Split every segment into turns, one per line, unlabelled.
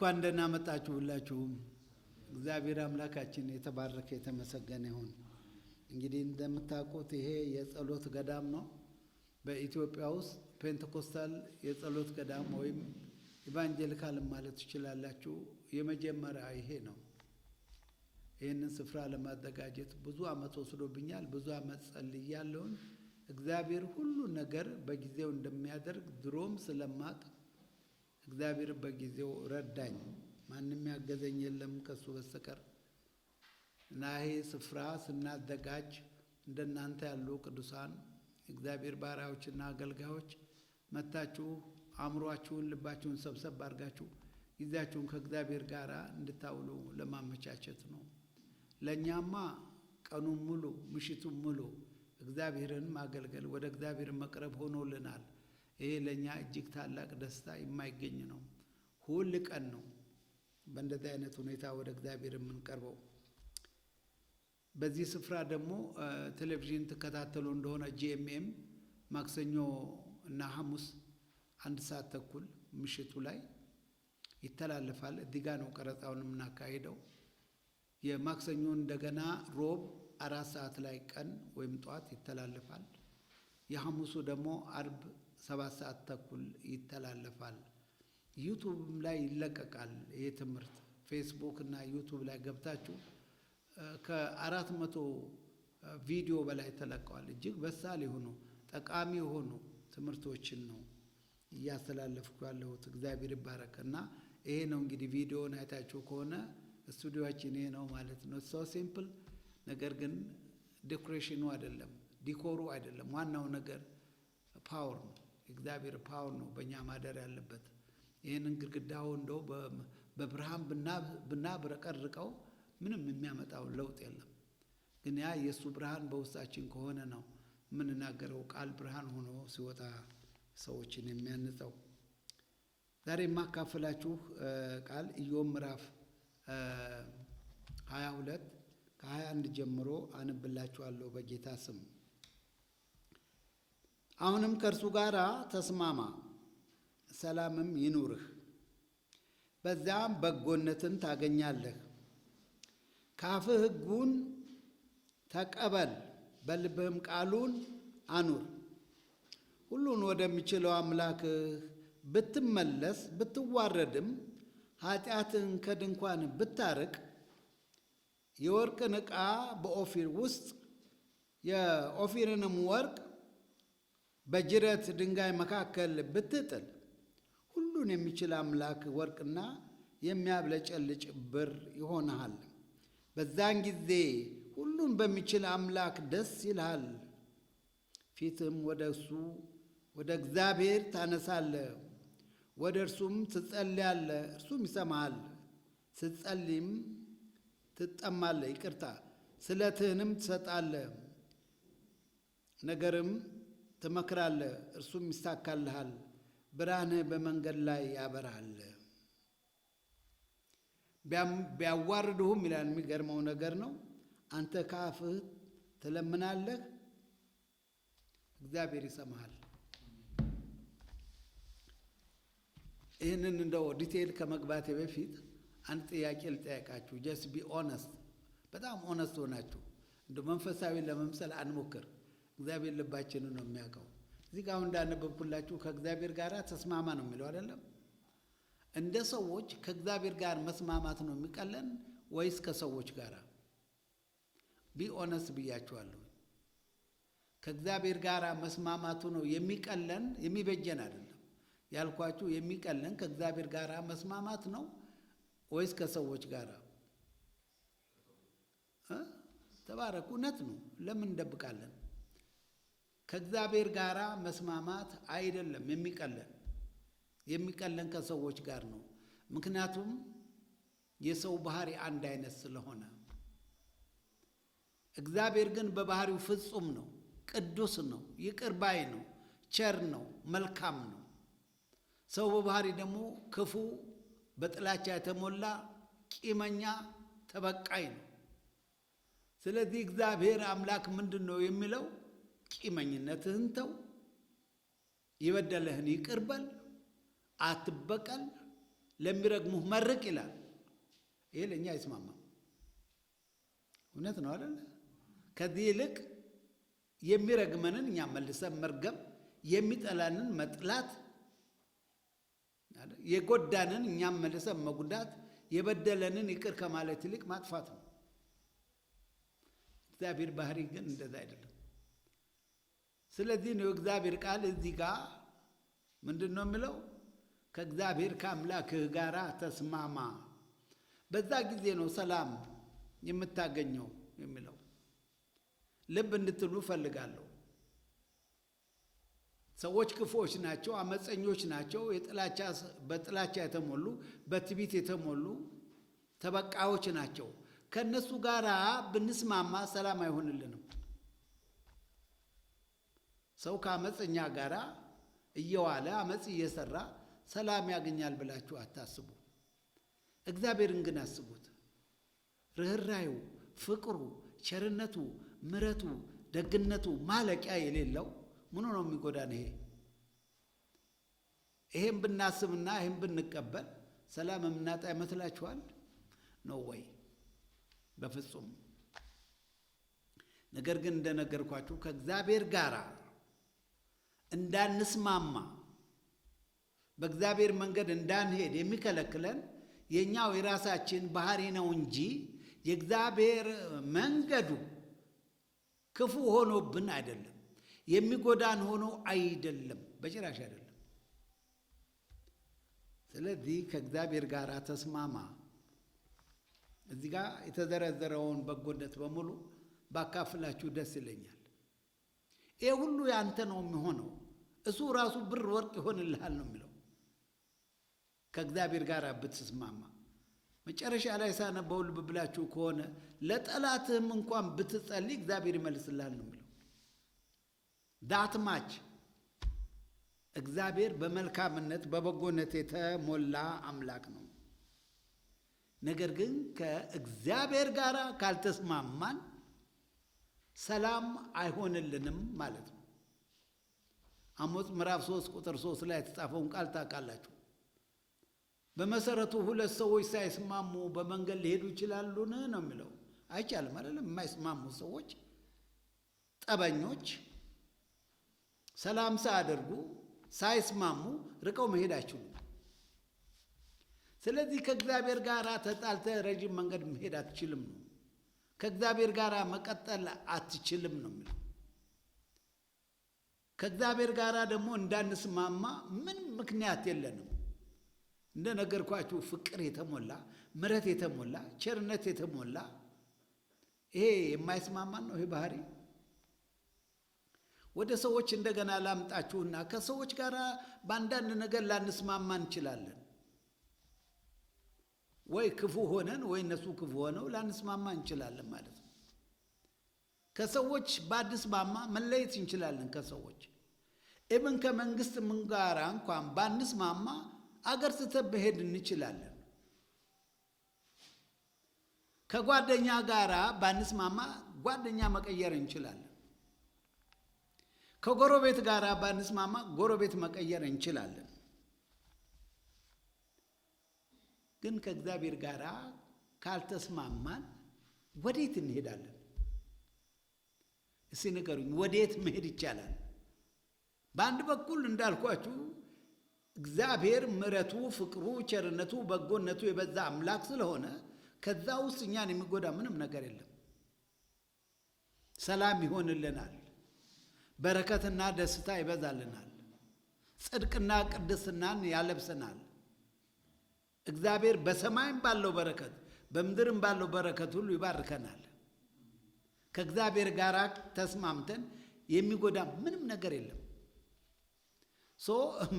እንኳን ደህና መጣችሁ ሁላችሁም። እግዚአብሔር አምላካችን የተባረከ የተመሰገነ ይሁን። እንግዲህ እንደምታውቁት ይሄ የጸሎት ገዳም ነው። በኢትዮጵያ ውስጥ ፔንቴኮስታል የጸሎት ገዳም ወይም ኢቫንጀሊካል ማለት ትችላላችሁ። የመጀመሪያ ይሄ ነው። ይህንን ስፍራ ለማዘጋጀት ብዙ ዓመት ወስዶብኛል። ብዙ ዓመት ጸልያለሁኝ። እግዚአብሔር ሁሉ ነገር በጊዜው እንደሚያደርግ ድሮም ስለማቅ እግዚአብሔር በጊዜው ረዳኝ። ማንም ያገዘኝ የለም ከሱ በስተቀር እና ይሄ ስፍራ ስናዘጋጅ እንደናንተ ያሉ ቅዱሳን እግዚአብሔር ባሪያዎችና አገልጋዮች መታችሁ አእምሯችሁን፣ ልባችሁን ሰብሰብ አድርጋችሁ ጊዜያችሁን ከእግዚአብሔር ጋር እንድታውሉ ለማመቻቸት ነው። ለእኛማ ቀኑን ሙሉ ምሽቱን ሙሉ እግዚአብሔርን ማገልገል ወደ እግዚአብሔር መቅረብ ሆኖልናል። ይሄ ለእኛ እጅግ ታላቅ ደስታ የማይገኝ ነው። ሁል ቀን ነው በእንደዚህ አይነት ሁኔታ ወደ እግዚአብሔር የምንቀርበው። በዚህ ስፍራ ደግሞ ቴሌቪዥን ትከታተሉ እንደሆነ ጂኤምኤም ማክሰኞ እና ሐሙስ አንድ ሰዓት ተኩል ምሽቱ ላይ ይተላለፋል። እዚህ ጋ ነው ቀረጻውን የምናካሄደው። የማክሰኞ እንደገና ሮብ አራት ሰዓት ላይ ቀን ወይም ጠዋት ይተላለፋል። የሐሙሱ ደግሞ አርብ ሰባት ሰዓት ተኩል ይተላለፋል። ዩቱብም ላይ ይለቀቃል። ይህ ትምህርት ፌስቡክ እና ዩቱብ ላይ ገብታችሁ ከአራት መቶ ቪዲዮ በላይ ተለቀዋል። እጅግ በሳል የሆኑ ጠቃሚ የሆኑ ትምህርቶችን ነው እያስተላለፍኩ ያለሁት። እግዚአብሔር ይባረክ እና ይሄ ነው እንግዲህ ቪዲዮን አይታችሁ ከሆነ ስቱዲዮችን ይሄ ነው ማለት ነው። ሰው ሲምፕል ነገር ግን ዴኮሬሽኑ አይደለም ዲኮሩ አይደለም ዋናው ነገር ፓወር ነው። የእግዚአብሔር ፓወር ነው በእኛ ማደር ያለበት። ይህንን ግድግዳው እንደው በብርሃን ብናብረቀርቀው ምንም የሚያመጣው ለውጥ የለም። ግን ያ የእሱ ብርሃን በውስጣችን ከሆነ ነው የምንናገረው ቃል ብርሃን ሆኖ ሲወጣ ሰዎችን የሚያንጸው። ዛሬ የማካፈላችሁ ቃል ኢዮብ ምዕራፍ 22 ከ21 ጀምሮ አንብላችኋለሁ በጌታ ስም። አሁንም ከእርሱ ጋር ተስማማ፣ ሰላምም ይኑርህ። በዚያም በጎነትን ታገኛለህ። ካፍህ ሕጉን ተቀበል፣ በልብህም ቃሉን አኑር። ሁሉን ወደሚችለው አምላክህ ብትመለስ ብትዋረድም ኃጢአትን ከድንኳን ብታርቅ የወርቅን ዕቃ በኦፊር ውስጥ የኦፊርንም ወርቅ በጅረት ድንጋይ መካከል ብትጥል ሁሉን የሚችል አምላክ ወርቅና የሚያብለጨልጭ ብር ይሆንሃል። በዛን ጊዜ ሁሉን በሚችል አምላክ ደስ ይልሃል። ፊትም ወደ እሱ ወደ እግዚአብሔር ታነሳለ ወደ እርሱም ትጸልያለህ፣ እርሱም ይሰማሃል። ስትጸልይም ትጠማለ፣ ይቅርታ ስለትህንም ትሰጣለ ነገርም ትመክራለህ፣ እርሱም ይሳካልሃል፣ ብርሃንህ በመንገድ ላይ ያበራል። ቢያዋርድሁም ይላል። የሚገርመው ነገር ነው። አንተ ከአፍህ ትለምናለህ፣ እግዚአብሔር ይሰማሃል። ይህንን እንደው ዲቴይል ከመግባቴ በፊት አንድ ጥያቄ ልጠያቃችሁ። ጀስት ቢ ኦነስት፣ በጣም ኦነስት ሆናችሁ እንደ መንፈሳዊ ለመምሰል አንሞክር። እግዚአብሔር ልባችንን ነው የሚያውቀው። እዚህ ጋር አሁን እንዳነበብኩላችሁ ከእግዚአብሔር ጋር ተስማማ ነው የሚለው አይደለም። እንደ ሰዎች ከእግዚአብሔር ጋር መስማማት ነው የሚቀለን ወይስ ከሰዎች ጋር? ቢኦነስ ብያችኋለሁ። ከእግዚአብሔር ጋር መስማማቱ ነው የሚቀለን፣ የሚበጀን አይደለም ያልኳችሁ። የሚቀለን ከእግዚአብሔር ጋር መስማማት ነው ወይስ ከሰዎች ጋር? ተባረኩ። እውነት ነው። ለምን እንደብቃለን? ከእግዚአብሔር ጋር መስማማት አይደለም የሚቀለን የሚቀለን ከሰዎች ጋር ነው። ምክንያቱም የሰው ባህሪ አንድ አይነት ስለሆነ፣ እግዚአብሔር ግን በባህሪው ፍጹም ነው፣ ቅዱስ ነው፣ ይቅር ባይ ነው፣ ቸር ነው፣ መልካም ነው። ሰው በባህሪ ደግሞ ክፉ፣ በጥላቻ የተሞላ ቂመኛ፣ ተበቃይ ነው። ስለዚህ እግዚአብሔር አምላክ ምንድን ነው የሚለው ቂመኝነትህን ተው፣ የበደለህን ይቅር በል፣ አትበቀል፣ ለሚረግሙህ መርቅ ይላል። ይሄ ለእኛ አይስማማም። እውነት ነው አይደል? ከዚህ ይልቅ የሚረግመንን እኛ መልሰን መርገም፣ የሚጠላንን መጥላት፣ የጎዳንን እኛም መልሰን መጉዳት፣ የበደለንን ይቅር ከማለት ይልቅ ማጥፋት ነው። እግዚአብሔር ባህሪ ግን እንደዛ አይደለም። ስለዚህ ነው እግዚአብሔር ቃል እዚህ ጋር ምንድን ነው የሚለው? ከእግዚአብሔር ከአምላክህ ጋራ ተስማማ፣ በዛ ጊዜ ነው ሰላም የምታገኘው የሚለው ልብ እንድትሉ እፈልጋለሁ። ሰዎች ክፉዎች ናቸው፣ አመፀኞች ናቸው፣ በጥላቻ የተሞሉ በትቢት የተሞሉ ተበቃዮች ናቸው። ከእነሱ ጋራ ብንስማማ ሰላም አይሆንልንም። ሰው ከአመፀኛ ጋራ እየዋለ አመፅ እየሰራ ሰላም ያገኛል ብላችሁ አታስቡ። እግዚአብሔርን ግን አስቡት። ርኅራዩ፣ ፍቅሩ፣ ቸርነቱ፣ ምረቱ፣ ደግነቱ ማለቂያ የሌለው ምኑ ነው የሚጎዳን? ይሄ ይሄም ብናስብና ይሄም ብንቀበል ሰላም የምናጣ ይመስላችኋል? ነው ወይ? በፍጹም። ነገር ግን እንደነገርኳችሁ ከእግዚአብሔር ጋራ እንዳንስማማ በእግዚአብሔር መንገድ እንዳንሄድ የሚከለክለን የእኛው የራሳችን ባህሪ ነው እንጂ የእግዚአብሔር መንገዱ ክፉ ሆኖብን አይደለም። የሚጎዳን ሆኖ አይደለም፣ በጭራሽ አይደለም። ስለዚህ ከእግዚአብሔር ጋር ተስማማ። እዚህ ጋር የተዘረዘረውን በጎነት በሙሉ ባካፍላችሁ ደስ ይለኛል። ይሄ ሁሉ ያንተ ነው የሚሆነው። እሱ ራሱ ብር ወርቅ ይሆንልሃል ነው የሚለው ከእግዚአብሔር ጋር ብትስማማ። መጨረሻ ላይ ሳነበው ልብ ብላችሁ ከሆነ ለጠላትህም እንኳን ብትጸልይ እግዚአብሔር ይመልስልሃል ነው የሚለው። ዳትማች እግዚአብሔር በመልካምነት በበጎነት የተሞላ አምላክ ነው። ነገር ግን ከእግዚአብሔር ጋር ካልተስማማን ሰላም አይሆንልንም ማለት ነው። አሞጽ ምዕራፍ ሶስት ቁጥር ሶስት ላይ የተጻፈውን ቃል ታውቃላችሁ። በመሰረቱ ሁለት ሰዎች ሳይስማሙ በመንገድ ሊሄዱ ይችላሉን ነው የሚለው። አይቻልም አይደለም። የማይስማሙ ሰዎች ጠበኞች፣ ሰላም ሳያደርጉ ሳይስማሙ ርቀው መሄድ አይችሉም። ስለዚህ ከእግዚአብሔር ጋር ተጣልተ ረዥም መንገድ መሄድ አትችልም ነው ከእግዚአብሔር ጋር መቀጠል አትችልም ነው የሚለው። ከእግዚአብሔር ጋር ደግሞ እንዳንስማማ ምን ምክንያት የለንም። እንደ ነገርኳችሁ ፍቅር የተሞላ ምረት የተሞላ ቸርነት የተሞላ ይሄ የማይስማማን ነው። ይሄ ባህሪ ወደ ሰዎች እንደገና ላምጣችሁና ከሰዎች ጋር በአንዳንድ ነገር ላንስማማ እንችላለን። ወይ ክፉ ሆነን ወይ እነሱ ክፉ ሆነው ላንስማማ እንችላለን ማለት ነው። ከሰዎች በአዲስ ማማ መለየት እንችላለን። ከሰዎች ኢብን ከመንግስት ምን ጋራ እንኳን ማማ አገር ስተን መሄድ እንችላለን። ከጓደኛ ጋራ ማማ ጓደኛ መቀየር እንችላለን። ከጎረቤት ጋራ ማማ ጎረቤት መቀየር እንችላለን። ግን ከእግዚአብሔር ጋር ካልተስማማን ወዴት እንሄዳለን? እስቲ ንገሩኝ፣ ወዴት መሄድ ይቻላል? በአንድ በኩል እንዳልኳችሁ እግዚአብሔር ምረቱ፣ ፍቅሩ፣ ቸርነቱ፣ በጎነቱ የበዛ አምላክ ስለሆነ ከዛ ውስጥ እኛን የሚጎዳ ምንም ነገር የለም። ሰላም ይሆንልናል፣ በረከትና ደስታ ይበዛልናል፣ ጽድቅና ቅድስናን ያለብሰናል፣ እግዚአብሔር በሰማይም ባለው በረከት በምድርም ባለው በረከት ሁሉ ይባርከናል። ከእግዚአብሔር ጋር ተስማምተን የሚጎዳ ምንም ነገር የለም። ሶ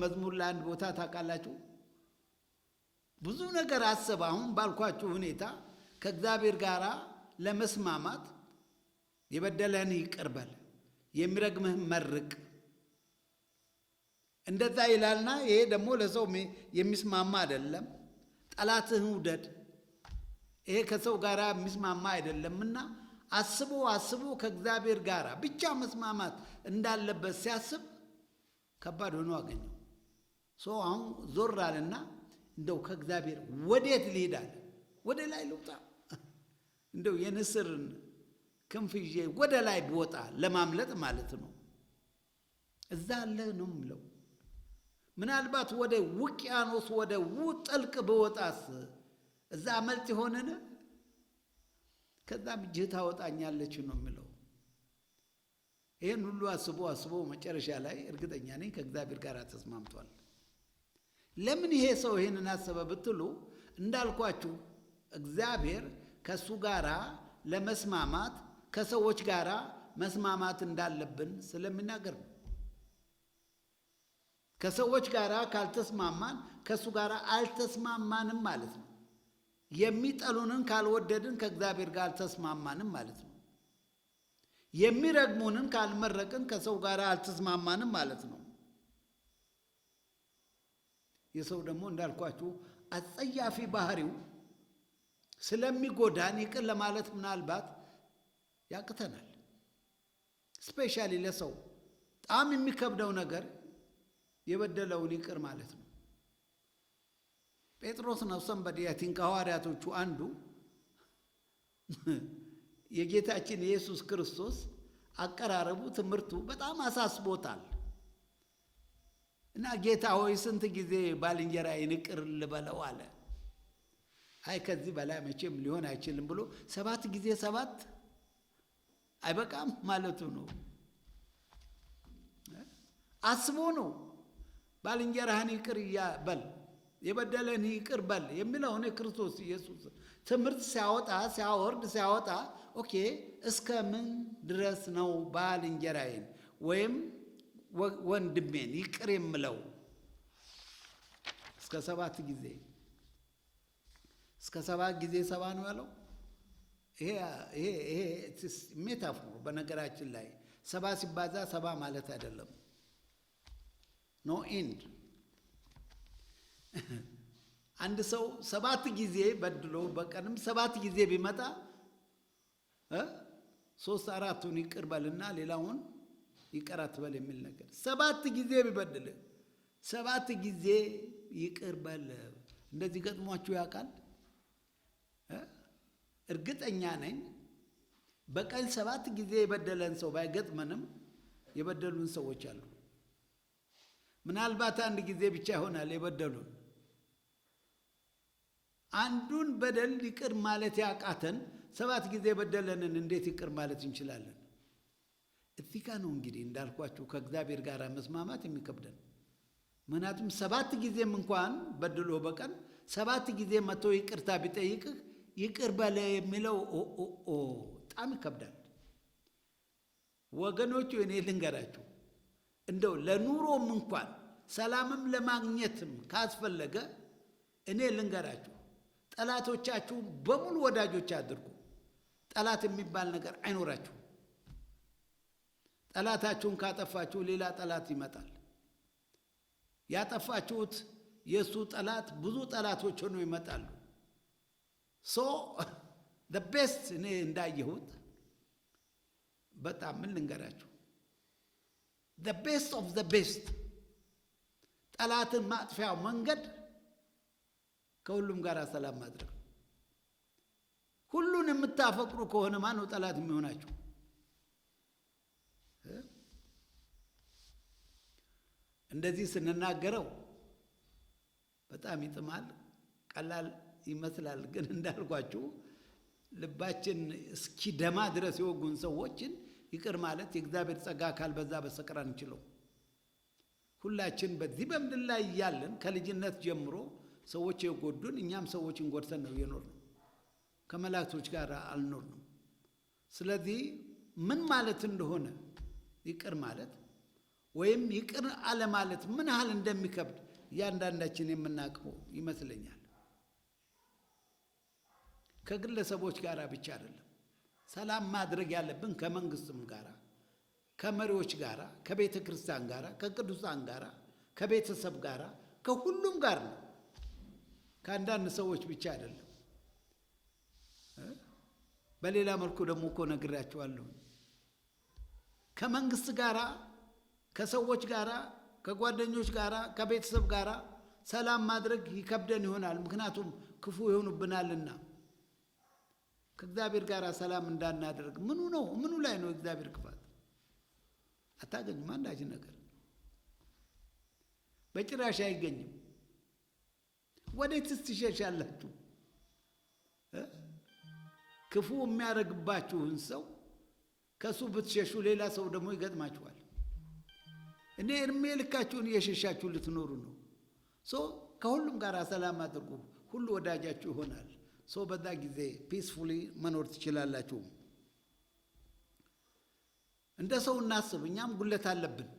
መዝሙር ለአንድ ቦታ ታውቃላችሁ፣ ብዙ ነገር አሰብ። አሁን ባልኳችሁ ሁኔታ ከእግዚአብሔር ጋር ለመስማማት የበደለህን ይቅር የሚረግምህ መርቅ እንደዛ ይላልና፣ ይሄ ደግሞ ለሰው የሚስማማ አይደለም። ጠላትህን ውደድ። ይሄ ከሰው ጋር የሚስማማ አይደለምና አስቦ አስቦ ከእግዚአብሔር ጋር ብቻ መስማማት እንዳለበት ሲያስብ ከባድ ሆኖ አገኘው። ሰው አሁን ዞር አለና እንደው ከእግዚአብሔር ወዴት ሊሄዳል ወደ ላይ ልውጣ? እንደው የንስርን ክንፍ ይዤ ወደ ላይ ብወጣ ለማምለጥ ማለት ነው። እዛ አለ ነው የምለው። ምናልባት ወደ ውቅያኖስ ወደ ው ጠልቅ በወጣስ እዛ መልጥ ይሆንን ከዛም እጅህ ታወጣኛለች ነው የሚለው ይህን ሁሉ አስቦ አስቦ መጨረሻ ላይ እርግጠኛ ነኝ ከእግዚአብሔር ጋር ተስማምቷል። ለምን ይሄ ሰው ይህንን አሰበ ብትሉ እንዳልኳችሁ እግዚአብሔር ከእሱ ጋራ ለመስማማት ከሰዎች ጋራ መስማማት እንዳለብን ስለሚናገር ነው። ከሰዎች ጋር ካልተስማማን ከእሱ ጋር አልተስማማንም ማለት ነው። የሚጠሉንን ካልወደድን ከእግዚአብሔር ጋር አልተስማማንም ማለት ነው። የሚረግሙንን ካልመረቅን ከሰው ጋር አልተስማማንም ማለት ነው። የሰው ደግሞ እንዳልኳችሁ አጸያፊ ባህሪው ስለሚጎዳን ይቅር ለማለት ምናልባት ያቅተናል። ስፔሻሊ ለሰው በጣም የሚከብደው ነገር የበደለውን ይቅር ማለት ነው። ጴጥሮስ ነው ሰንበድ ያቲን ከሐዋርያቶቹ አንዱ የጌታችን የኢየሱስ ክርስቶስ አቀራረቡ ትምህርቱ በጣም አሳስቦታል እና ጌታ ሆይ ስንት ጊዜ ባልንጀራዬን ይቅር ልበለው አለ። አይ ከዚህ በላይ መቼም ሊሆን አይችልም ብሎ ሰባት ጊዜ ሰባት አይበቃም ማለቱ ነው። አስቦ ነው። ባልንጀራህን ይቅር በል የበደለን ይቅር በል የሚለውን የክርስቶስ ኢየሱስ ትምህርት ሲያወጣ ሲያወርድ ሲያወጣ፣ ኦኬ እስከ ምን ድረስ ነው ባልንጀራዬን ወይም ወንድሜን ይቅር የምለው? እስከ ሰባት ጊዜ እስከ ሰባት ጊዜ ሰባ ነው ያለው። ይሄ ሜታፎር በነገራችን ላይ ሰባ ሲባዛ ሰባ ማለት አይደለም። ኖ ኢንድ። አንድ ሰው ሰባት ጊዜ በድሎ በቀንም ሰባት ጊዜ ቢመጣ ሶስት አራቱን ይቅር በልና ሌላውን ይቅር አትበል የሚል ነገር ሰባት ጊዜ ቢበድል ሰባት ጊዜ ይቅር በል። እንደዚህ ገጥሟችሁ ያውቃል? እርግጠኛ ነኝ በቀን ሰባት ጊዜ የበደለን ሰው ባይገጥመንም የበደሉን ሰዎች አሉ። ምናልባት አንድ ጊዜ ብቻ ይሆናል የበደሉን። አንዱን በደል ይቅር ማለት ያቃተን ሰባት ጊዜ የበደለንን እንዴት ይቅር ማለት እንችላለን? እዚህ ጋ ነው እንግዲህ እንዳልኳችሁ ከእግዚአብሔር ጋር መስማማት የሚከብደን። ምክንያቱም ሰባት ጊዜም እንኳን በድሎ በቀን ሰባት ጊዜ መቶ ይቅርታ ቢጠይቅህ ይቅር በለ የሚለው ኦ ኦ ኦ በጣም ይከብዳል ወገኖቹ። እኔ ልንገራችሁ እንደው ለኑሮም እንኳን ሰላምም ለማግኘትም ካስፈለገ እኔ ልንገራችሁ፣ ጠላቶቻችሁ በሙሉ ወዳጆች አድርጉ። ጠላት የሚባል ነገር አይኖራችሁ። ጠላታችሁን ካጠፋችሁ ሌላ ጠላት ይመጣል። ያጠፋችሁት የእሱ ጠላት ብዙ ጠላቶች ሆነው ይመጣሉ። ሶ ቤስት እኔ እንዳየሁት በጣም ምን ልንገራችሁ ቤስት ኦፍ ዘ ቤስት ጠላትን ማጥፊያው መንገድ ከሁሉም ጋር ሰላም ማድረግ። ሁሉን የምታፈቅሩ ከሆነ ማን ነው ጠላት የሚሆናችሁ? እንደዚህ ስንናገረው በጣም ይጥማል። ቀላል ይመስላል፣ ግን እንዳልኳችሁ ልባችን እስኪደማ ድረስ የወጉን ሰዎችን ይቅር ማለት የእግዚአብሔር ጸጋ አካል በዛ በስተቀር አንችለው። ሁላችን በዚህ በምድር ላይ እያለን ከልጅነት ጀምሮ ሰዎች የጎዱን እኛም ሰዎችን ጎድተን ነው የኖርነው። ከመላእክቶች ጋር አልኖርንም። ስለዚህ ምን ማለት እንደሆነ ይቅር ማለት ወይም ይቅር አለማለት ምን ያህል እንደሚከብድ እያንዳንዳችን የምናውቀው ይመስለኛል። ከግለሰቦች ጋር ብቻ አይደለም ሰላም ማድረግ ያለብን ከመንግስትም ጋር ከመሪዎች ጋር ከቤተ ክርስቲያን ጋር ከቅዱሳን ጋር ከቤተሰብ ጋር ከሁሉም ጋር ነው። ከአንዳንድ ሰዎች ብቻ አይደለም። በሌላ መልኩ ደግሞ እኮ ነግራቸዋለሁ። ከመንግስት ጋር፣ ከሰዎች ጋር፣ ከጓደኞች ጋር፣ ከቤተሰብ ጋር ሰላም ማድረግ ይከብደን ይሆናል። ምክንያቱም ክፉ ይሆኑብናልና ከእግዚአብሔር ጋር ሰላም እንዳናደርግ ምኑ ነው? ምኑ ላይ ነው እግዚአብሔር ክፋት? አታገኙም። አንዳች ነገር በጭራሽ አይገኝም። ወዴትስ ትሸሻላችሁ? ክፉ የሚያደርግባችሁን ሰው ከእሱ ብትሸሹ ሌላ ሰው ደግሞ ይገጥማችኋል። እኔ እድሜ ልካችሁን እየሸሻችሁ ልትኖሩ ነው። ሶ ከሁሉም ጋር ሰላም አድርጉ፣ ሁሉ ወዳጃችሁ ይሆናል። ሶ በዛ ጊዜ ፒስፉሊ መኖር ትችላላችሁ። እንደ ሰው እናስብ። እኛም ጉለት አለብን።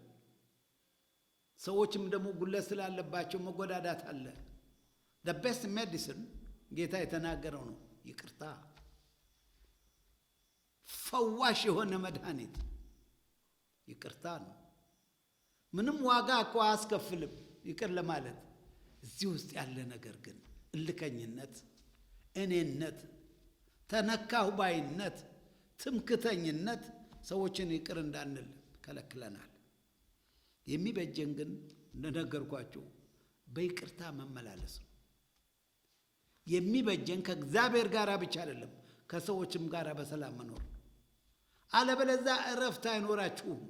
ሰዎችም ደግሞ ጉለት ስላለባቸው መጎዳዳት አለ። ደ ቤስት ሜዲሲን ጌታ የተናገረው ነው። ይቅርታ ፈዋሽ የሆነ መድኃኒት ይቅርታ ነው። ምንም ዋጋ እኮ አያስከፍልም ይቅር ለማለት። እዚህ ውስጥ ያለ ነገር ግን እልከኝነት እኔነት፣ ተነካሁ ባይነት፣ ትምክተኝነት ሰዎችን ይቅር እንዳንል ከለክለናል። የሚበጀን ግን እንደነገርኳችሁ በይቅርታ መመላለስ ነው። የሚበጀን ከእግዚአብሔር ጋር ብቻ አይደለም፣ ከሰዎችም ጋር በሰላም መኖር ነው። አለበለዛ እረፍት አይኖራችሁም።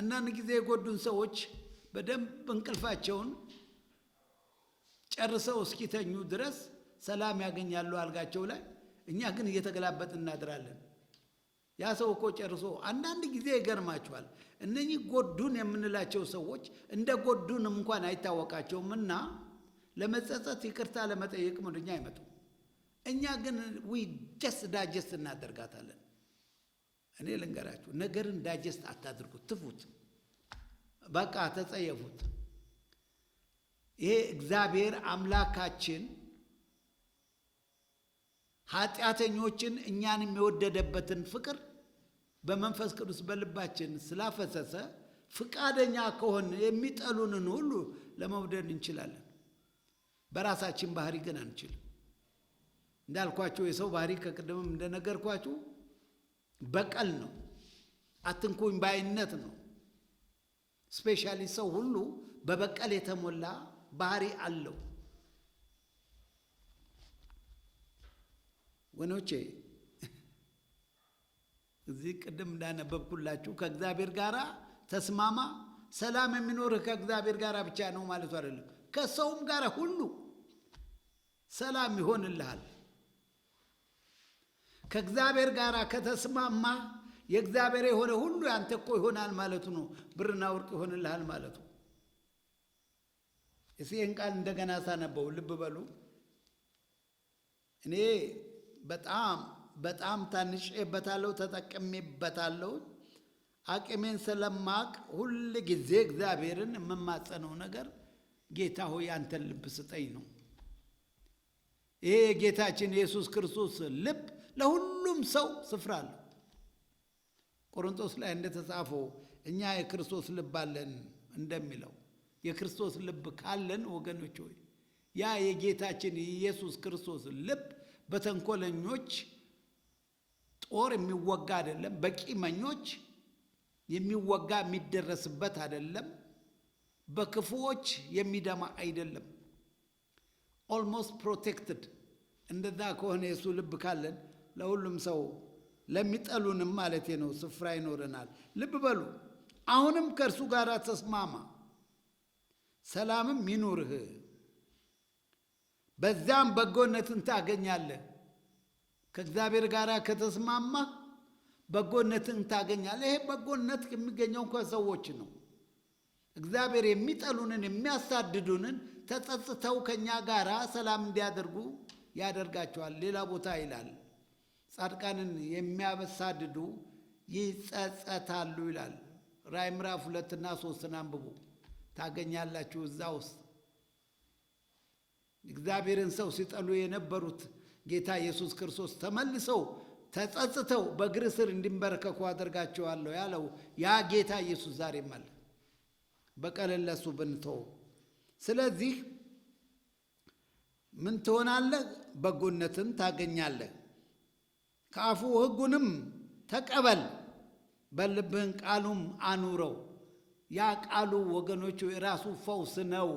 አንዳንድ ጊዜ የጎዱን ሰዎች በደንብ እንቅልፋቸውን ጨርሰው እስኪተኙ ድረስ ሰላም ያገኛሉ አልጋቸው ላይ፣ እኛ ግን እየተገላበጥ እናድራለን። ያ ሰው እኮ ጨርሶ አንዳንድ ጊዜ ይገርማቸዋል። እነኚህ ጎዱን የምንላቸው ሰዎች እንደ ጎዱን እንኳን አይታወቃቸውምና ለመጸጸት ይቅርታ ለመጠየቅ ምድኛ አይመጡም። እኛ ግን ዊ ጀስት ዳጀስት እናደርጋታለን። እኔ ልንገራችሁ፣ ነገርን ዳጀስት አታድርጉት፣ ትፉት፣ በቃ ተጸየፉት። ይሄ እግዚአብሔር አምላካችን ኃጢአተኞችን እኛን የሚወደደበትን ፍቅር በመንፈስ ቅዱስ በልባችን ስላፈሰሰ ፍቃደኛ ከሆን የሚጠሉንን ሁሉ ለመውደድ እንችላለን። በራሳችን ባህሪ ግን አንችልም። እንዳልኳችሁ የሰው ባህሪ ከቅድምም እንደነገርኳችሁ በቀል ነው፣ አትንኩኝ ባይነት ነው። ስፔሻሊ ሰው ሁሉ በበቀል የተሞላ ባህሪ አለው። ወኖቼ እዚህ ቅድም እንዳነበብኩላችሁ ከእግዚአብሔር ጋር ተስማማ። ሰላም የሚኖርህ ከእግዚአብሔር ጋር ብቻ ነው ማለቱ አይደለም። ከሰውም ጋር ሁሉ ሰላም ይሆንልሃል። ከእግዚአብሔር ጋር ከተስማማ የእግዚአብሔር የሆነ ሁሉ ያንተ እኮ ይሆናል ማለቱ ነው። ብርና ወርቅ ይሆንልሃል ማለቱ። እስኪ ይህን ቃል እንደገና ሳነበው ልብ በሉ እኔ በጣም በጣም ታንጬበታለሁ፣ ተጠቅሜበታለሁ። አቅሜን ስለማቅ ሁል ጊዜ እግዚአብሔርን የምማጸነው ነገር ጌታ ሆይ አንተን ልብ ስጠኝ ነው። ይሄ የጌታችን ኢየሱስ ክርስቶስ ልብ ለሁሉም ሰው ስፍራ አለው። ቆሮንቶስ ላይ እንደተጻፈው እኛ የክርስቶስ ልብ አለን እንደሚለው የክርስቶስ ልብ ካለን ወገኖች ሆይ ያ የጌታችን የኢየሱስ ክርስቶስ ልብ በተንኮለኞች ጦር የሚወጋ አይደለም። በቂመኞች የሚወጋ የሚደረስበት አይደለም። በክፉዎች የሚደማ አይደለም። ኦልሞስት ፕሮቴክትድ። እንደዛ ከሆነ የሱ ልብ ካለን ለሁሉም ሰው ለሚጠሉንም ማለት ነው ስፍራ ይኖረናል። ልብ በሉ። አሁንም ከእርሱ ጋር ተስማማ፣ ሰላምም ይኑርህ። በዚያም በጎነትን ታገኛለህ። ከእግዚአብሔር ጋር ከተስማማ በጎነትን ታገኛለህ። ይሄ በጎነት የሚገኘው ከሰዎች ነው። እግዚአብሔር የሚጠሉንን የሚያሳድዱንን ተጸጽተው ከእኛ ጋር ሰላም እንዲያደርጉ ያደርጋቸዋል። ሌላ ቦታ ይላል ጻድቃንን የሚያሳድዱ ይጸጸታሉ ይላል። ራዕይ ምዕራፍ ሁለትና ሶስትን አንብቡ ታገኛላችሁ እዛ ውስጥ እግዚአብሔርን ሰው ሲጠሉ የነበሩት ጌታ ኢየሱስ ክርስቶስ ተመልሰው ተጸጽተው በእግር ስር እንዲንበረከኩ አደርጋቸዋለሁ ያለው ያ ጌታ ኢየሱስ ዛሬም አለ። በቀለለሱ ለሱ ብንተው፣ ስለዚህ ምን ትሆናለህ? በጎነትን ታገኛለህ። ከአፉ ሕጉንም ተቀበል፣ በልብህን ቃሉም አኑረው። ያ ቃሉ ወገኖቹ የራሱ ፈውስ ነው።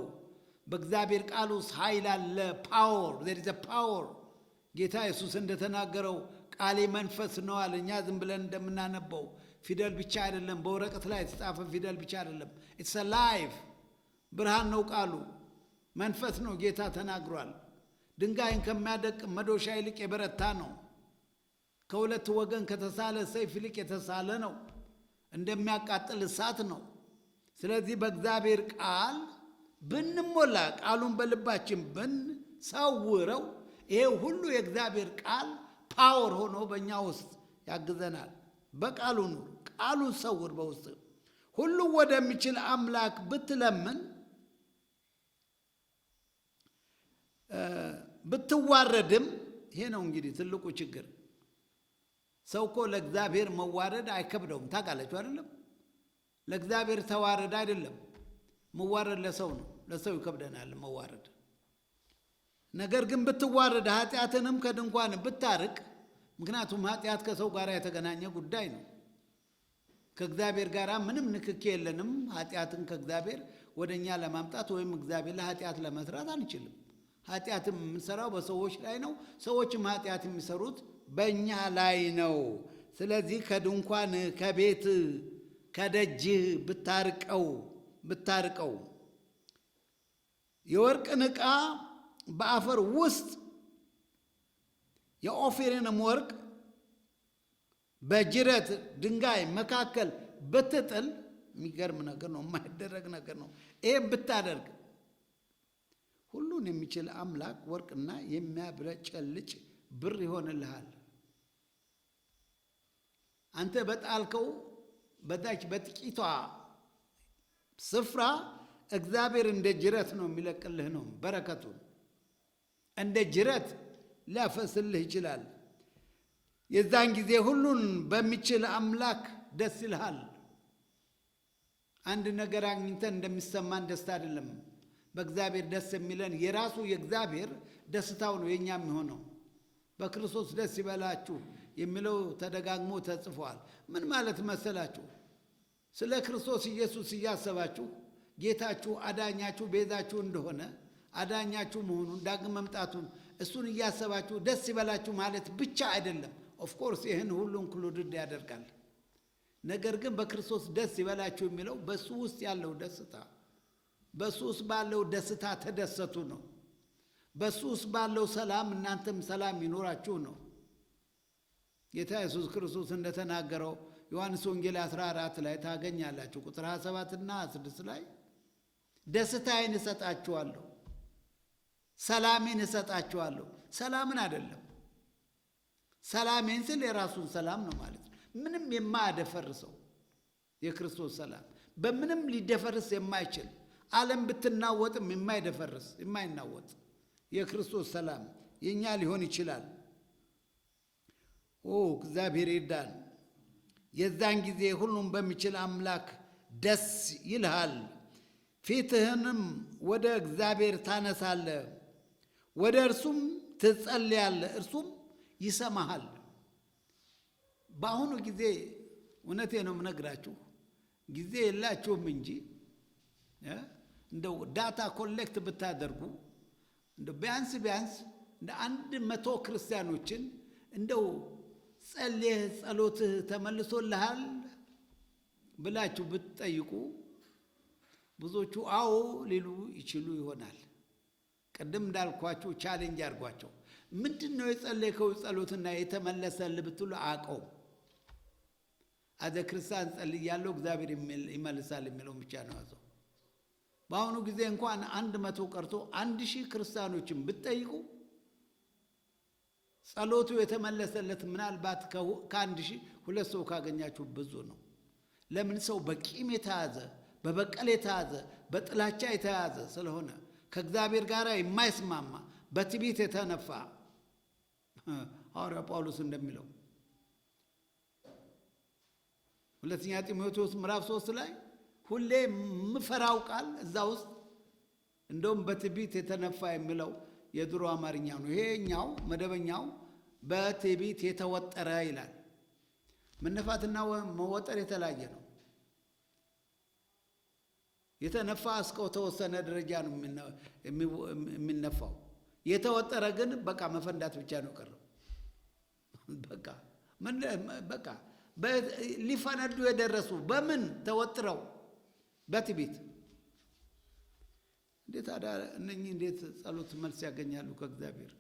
በእግዚአብሔር ቃል ውስጥ ኃይል አለ። ፓወር ዘር ዘ ፓወር ጌታ ኢየሱስ እንደተናገረው ቃሌ መንፈስ ነው አለ። እኛ ዝም ብለን እንደምናነበው ፊደል ብቻ አይደለም፣ በወረቀት ላይ የተጻፈ ፊደል ብቻ አይደለም። ኢትስ ላይፍ ብርሃን ነው ቃሉ፣ መንፈስ ነው። ጌታ ተናግሯል። ድንጋይን ከሚያደቅ መዶሻ ይልቅ የበረታ ነው። ከሁለት ወገን ከተሳለ ሰይፍ ይልቅ የተሳለ ነው። እንደሚያቃጥል እሳት ነው። ስለዚህ በእግዚአብሔር ቃል ብንሞላ ቃሉን በልባችን ብንሰውረው ይሄ ሁሉ የእግዚአብሔር ቃል ፓወር ሆኖ በእኛ ውስጥ ያግዘናል። በቃሉ ኑር፣ ቃሉን ሰውር በውስጥ ሁሉ ወደሚችል አምላክ ብትለምን ብትዋረድም፣ ይሄ ነው እንግዲህ ትልቁ ችግር። ሰው እኮ ለእግዚአብሔር መዋረድ አይከብደውም። ታውቃላችሁ አይደለም? ለእግዚአብሔር ተዋረድ አይደለም መዋረድ ለሰው ነው። ለሰው ይከብደናል መዋረድ። ነገር ግን ብትዋረድ ኃጢአትንም ከድንኳን ብታርቅ፣ ምክንያቱም ኃጢአት ከሰው ጋር የተገናኘ ጉዳይ ነው። ከእግዚአብሔር ጋር ምንም ንክክ የለንም። ኃጢአትን ከእግዚአብሔር ወደ እኛ ለማምጣት ወይም እግዚአብሔር ለኃጢአት ለመስራት አንችልም። ኃጢአትም የምንሰራው በሰዎች ላይ ነው። ሰዎችም ኃጢአት የሚሰሩት በእኛ ላይ ነው። ስለዚህ ከድንኳን ከቤት ከደጅህ ብታርቀው ብታርቀው የወርቅን ዕቃ በአፈር ውስጥ የኦፊርንም ወርቅ በጅረት ድንጋይ መካከል ብትጥል፣ የሚገርም ነገር ነው፣ የማይደረግ ነገር ነው። ይህ ብታደርግ ሁሉን የሚችል አምላክ ወርቅና የሚያብረጨልጭ ብር ይሆንልሃል። አንተ በጣልከው በታች በጥቂቷ ስፍራ እግዚአብሔር እንደ ጅረት ነው የሚለቅልህ ነው በረከቱ እንደ ጅረት ሊያፈስልህ ይችላል። የዛን ጊዜ ሁሉን በሚችል አምላክ ደስ ይልሃል። አንድ ነገር አግኝተን እንደሚሰማን ደስታ አይደለም። በእግዚአብሔር ደስ የሚለን የራሱ የእግዚአብሔር ደስታው ነው የእኛ የሚሆነው። በክርስቶስ ደስ ይበላችሁ የሚለው ተደጋግሞ ተጽፏል። ምን ማለት መሰላችሁ? ስለ ክርስቶስ ኢየሱስ እያሰባችሁ ጌታችሁ አዳኛችሁ ቤዛችሁ እንደሆነ አዳኛችሁ መሆኑን ዳግም መምጣቱን እሱን እያሰባችሁ ደስ ይበላችሁ ማለት ብቻ አይደለም። ኦፍኮርስ ይህን ሁሉ ኢንክሉድድ ያደርጋል። ነገር ግን በክርስቶስ ደስ ይበላችሁ የሚለው በእሱ ውስጥ ያለው ደስታ በእሱ ውስጥ ባለው ደስታ ተደሰቱ ነው። በእሱ ውስጥ ባለው ሰላም እናንተም ሰላም ይኖራችሁ ነው። ጌታ ኢየሱስ ክርስቶስ እንደተናገረው ዮሐንስ ወንጌል 14 ላይ ታገኛላችሁ። ቁጥር 27 እና 6 ላይ ደስታዬን እሰጣችኋለሁ፣ ሰላሜን እሰጣችኋለሁ። ሰላምን አይደለም ሰላሜን ስል የራሱን ሰላም ነው ማለት ነው። ምንም የማያደፈርሰው የክርስቶስ ሰላም በምንም ሊደፈርስ የማይችል ዓለም ብትናወጥም የማይደፈርስ የማይናወጥ የክርስቶስ ሰላም የእኛ ሊሆን ይችላል። ኦ እግዚአብሔር ይርዳል። የዛን ጊዜ ሁሉም በሚችል አምላክ ደስ ይልሃል። ፊትህንም ወደ እግዚአብሔር ታነሳለህ፣ ወደ እርሱም ትጸልያለ እርሱም ይሰማሃል። በአሁኑ ጊዜ እውነቴ ነው የምነግራችሁ፣ ጊዜ የላችሁም እንጂ እንደው ዳታ ኮሌክት ብታደርጉ ቢያንስ ቢያንስ እንደ አንድ መቶ ክርስቲያኖችን እንደው ጸልየህ ጸሎትህ ተመልሶልሃል ብላችሁ ብትጠይቁ ብዙዎቹ አዎ ሊሉ ይችሉ ይሆናል። ቅድም እንዳልኳችሁ ቻሌንጅ አድርጓቸው። ምንድን ነው የጸለይከው ጸሎትና የተመለሰልህ ብትሉ አቀው አዘ ክርስቲያን ጸልያለሁ እግዚአብሔር ይመልሳል የሚለው ብቻ ነው ያዘው። በአሁኑ ጊዜ እንኳን አንድ መቶ ቀርቶ አንድ ሺህ ክርስቲያኖችን ብትጠይቁ ጸሎቱ የተመለሰለት ምናልባት ከአንድ ሺህ ሁለት ሰው ካገኛችሁ ብዙ ነው። ለምን ሰው በቂም የተያዘ በበቀል የተያዘ በጥላቻ የተያዘ ስለሆነ ከእግዚአብሔር ጋር የማይስማማ በትቢት የተነፋ ሐዋርያው ጳውሎስ እንደሚለው ሁለተኛ ጢሞቴዎስ ምዕራፍ ሶስት ላይ ሁሌ የምፈራው ቃል እዛ ውስጥ እንደውም በትቢት የተነፋ የሚለው የድሮ አማርኛ ነው። ይሄኛው መደበኛው በትዕቢት የተወጠረ ይላል። መነፋትና መወጠር የተለያየ ነው። የተነፋ እስከ ተወሰነ ደረጃ ነው የሚነፋው። የተወጠረ ግን በቃ መፈንዳት ብቻ ነው ቀረው። በቃ በቃ ሊፈነዱ የደረሱ በምን ተወጥረው በትዕቢት እንዴት አዳ እነኚህ እንዴት ጸሎት መልስ ያገኛሉ ከእግዚአብሔር?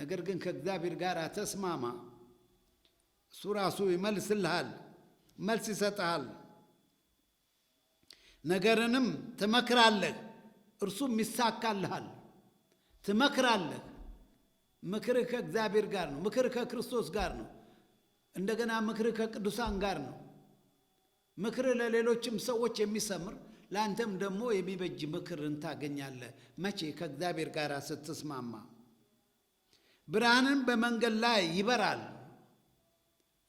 ነገር ግን ከእግዚአብሔር ጋር ተስማማ፣ እሱ ራሱ ይመልስልሃል፣ መልስ ይሰጥሃል። ነገርንም ትመክራለህ፣ እርሱም ይሳካልሃል። ትመክራለህ። ምክርህ ከእግዚአብሔር ጋር ነው። ምክርህ ከክርስቶስ ጋር ነው። እንደገና ምክርህ ከቅዱሳን ጋር ነው። ምክርህ ለሌሎችም ሰዎች የሚሰምር ለአንተም ደግሞ የሚበጅ ምክርን ታገኛለህ። መቼ? ከእግዚአብሔር ጋር ስትስማማ። ብርሃንን በመንገድ ላይ ይበራል።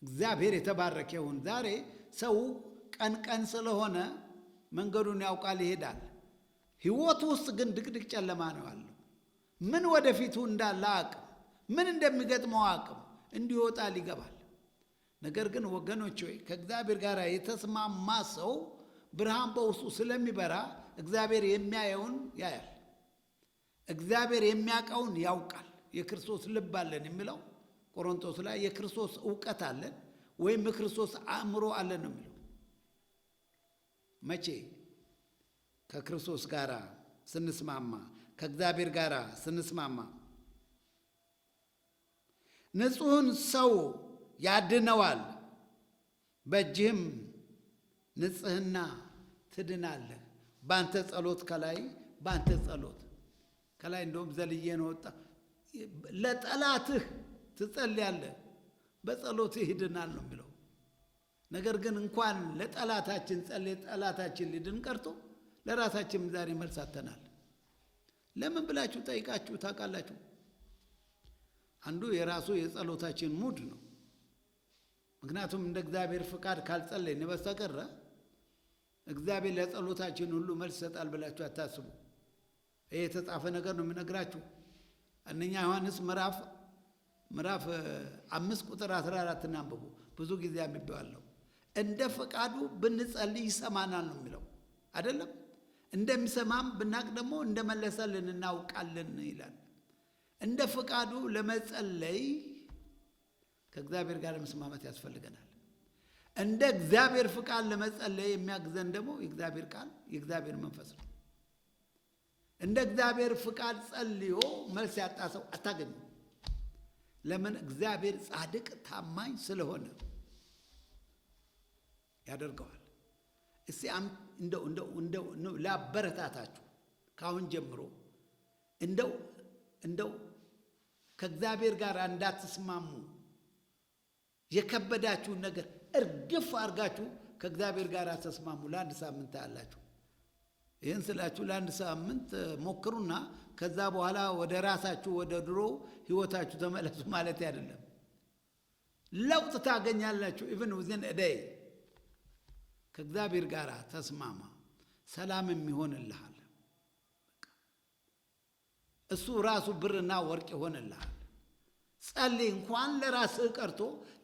እግዚአብሔር የተባረከ ይሁን። ዛሬ ሰው ቀን ቀን ስለሆነ መንገዱን ያውቃል፣ ይሄዳል። ህይወቱ ውስጥ ግን ድቅድቅ ጨለማ ነው ያለው። ምን ወደፊቱ እንዳለ አቅም፣ ምን እንደሚገጥመው አቅም እንዲወጣል ይገባል። ነገር ግን ወገኖች ሆይ ከእግዚአብሔር ጋር የተስማማ ሰው ብርሃን በውስጡ ስለሚበራ እግዚአብሔር የሚያየውን ያያል። እግዚአብሔር የሚያውቀውን ያውቃል። የክርስቶስ ልብ አለን የሚለው ቆሮንቶስ ላይ የክርስቶስ እውቀት አለን ወይም የክርስቶስ አእምሮ አለን የሚለው። መቼ ከክርስቶስ ጋር ስንስማማ፣ ከእግዚአብሔር ጋር ስንስማማ ንጹህን ሰው ያድነዋል በእጅህም ንጽህና ። ትድናለህ። በአንተ ጸሎት ከላይ በአንተ ጸሎት ከላይ እንደውም ዘልዬ ነው ወጣ። ለጠላትህ ትጸልያለህ፣ በጸሎትህ ይድናል ነው የሚለው። ነገር ግን እንኳን ለጠላታችን ጸልይ ጠላታችን ሊድን ቀርቶ ለራሳችን ዛሬ መልሳተናል። ለምን ብላችሁ ጠይቃችሁ ታውቃላችሁ? አንዱ የራሱ የጸሎታችን ሙድ ነው። ምክንያቱም እንደ እግዚአብሔር ፍቃድ ካልጸለይን በስተቀረ እግዚአብሔር ለጸሎታችን ሁሉ መልስ ይሰጣል ብላችሁ አታስቡ። ይህ የተጻፈ ነገር ነው የምነግራችሁ። አንደኛ ዮሐንስ ምዕራፍ ምዕራፍ አምስት ቁጥር አስራ አራት እናንብቡ። ብዙ ጊዜ አንብቤዋለሁ። እንደ ፈቃዱ ብንጸልይ ይሰማናል ነው የሚለው አይደለም። እንደሚሰማም ብናቅ ደግሞ እንደመለሰልን እናውቃለን ይላል። እንደ ፈቃዱ ለመጸለይ ከእግዚአብሔር ጋር መስማማት ያስፈልገናል። እንደ እግዚአብሔር ፍቃድ ለመጸለይ የሚያግዘን ደግሞ የእግዚአብሔር ቃል የእግዚአብሔር መንፈስ ነው። እንደ እግዚአብሔር ፍቃድ ጸልዮ መልስ ያጣ ሰው አታገኙ። ለምን? እግዚአብሔር ጻድቅ ታማኝ ስለሆነ ያደርገዋል። እስቲ እንደው ላበረታታችሁ ካሁን ጀምሮ እንደው እንደው ከእግዚአብሔር ጋር እንዳትስማሙ የከበዳችሁን ነገር እርግፍ አድርጋችሁ ከእግዚአብሔር ጋር ተስማሙ። ለአንድ ሳምንት አላችሁ። ይህን ስላችሁ ለአንድ ሳምንት ሞክሩና ከዛ በኋላ ወደ ራሳችሁ ወደ ድሮ ህይወታችሁ ተመለሱ ማለት አይደለም። ለውጥ ታገኛላችሁ። ኢቨን ውዝን እደይ ከእግዚአብሔር ጋር ተስማማ፣ ሰላምም ይሆንልሃል። እሱ ራሱ ብርና ወርቅ ይሆንልሃል። ጸልይ እንኳን ለራስህ ቀርቶ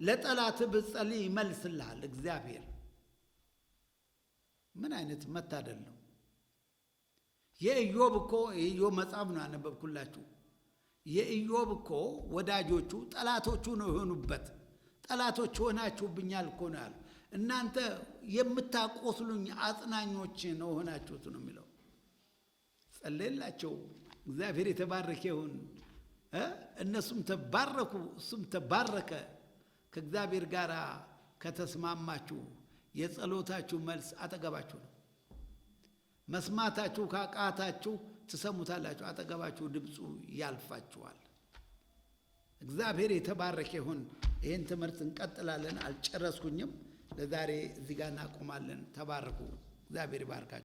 ለጠላት ብትጸልይ ይመልስልሃል እግዚአብሔር። ምን አይነት መታደል ነው! የኢዮብ እኮ የኢዮብ መጽሐፍ ነው ያነበብኩላችሁ። የኢዮብ እኮ ወዳጆቹ ጠላቶቹ ነው የሆኑበት። ጠላቶች ሆናችሁብኛል እኮ ነው ያሉ። እናንተ የምታቆስሉኝ አጽናኞች ነው ሆናችሁት ነው የሚለው። ጸለየላቸው። እግዚአብሔር የተባረከ ይሁን። እነሱም ተባረኩ፣ እሱም ተባረከ። ከእግዚአብሔር ጋር ከተስማማችሁ የጸሎታችሁ መልስ አጠገባችሁ ነው። መስማታችሁ ካቃታችሁ ትሰሙታላችሁ፣ አጠገባችሁ ድምፁ ያልፋችኋል። እግዚአብሔር የተባረከ ይሁን። ይህን ትምህርት እንቀጥላለን። አልጨረስኩኝም። ለዛሬ እዚህ ጋር እናቆማለን። ተባረኩ። እግዚአብሔር ይባርካችሁ።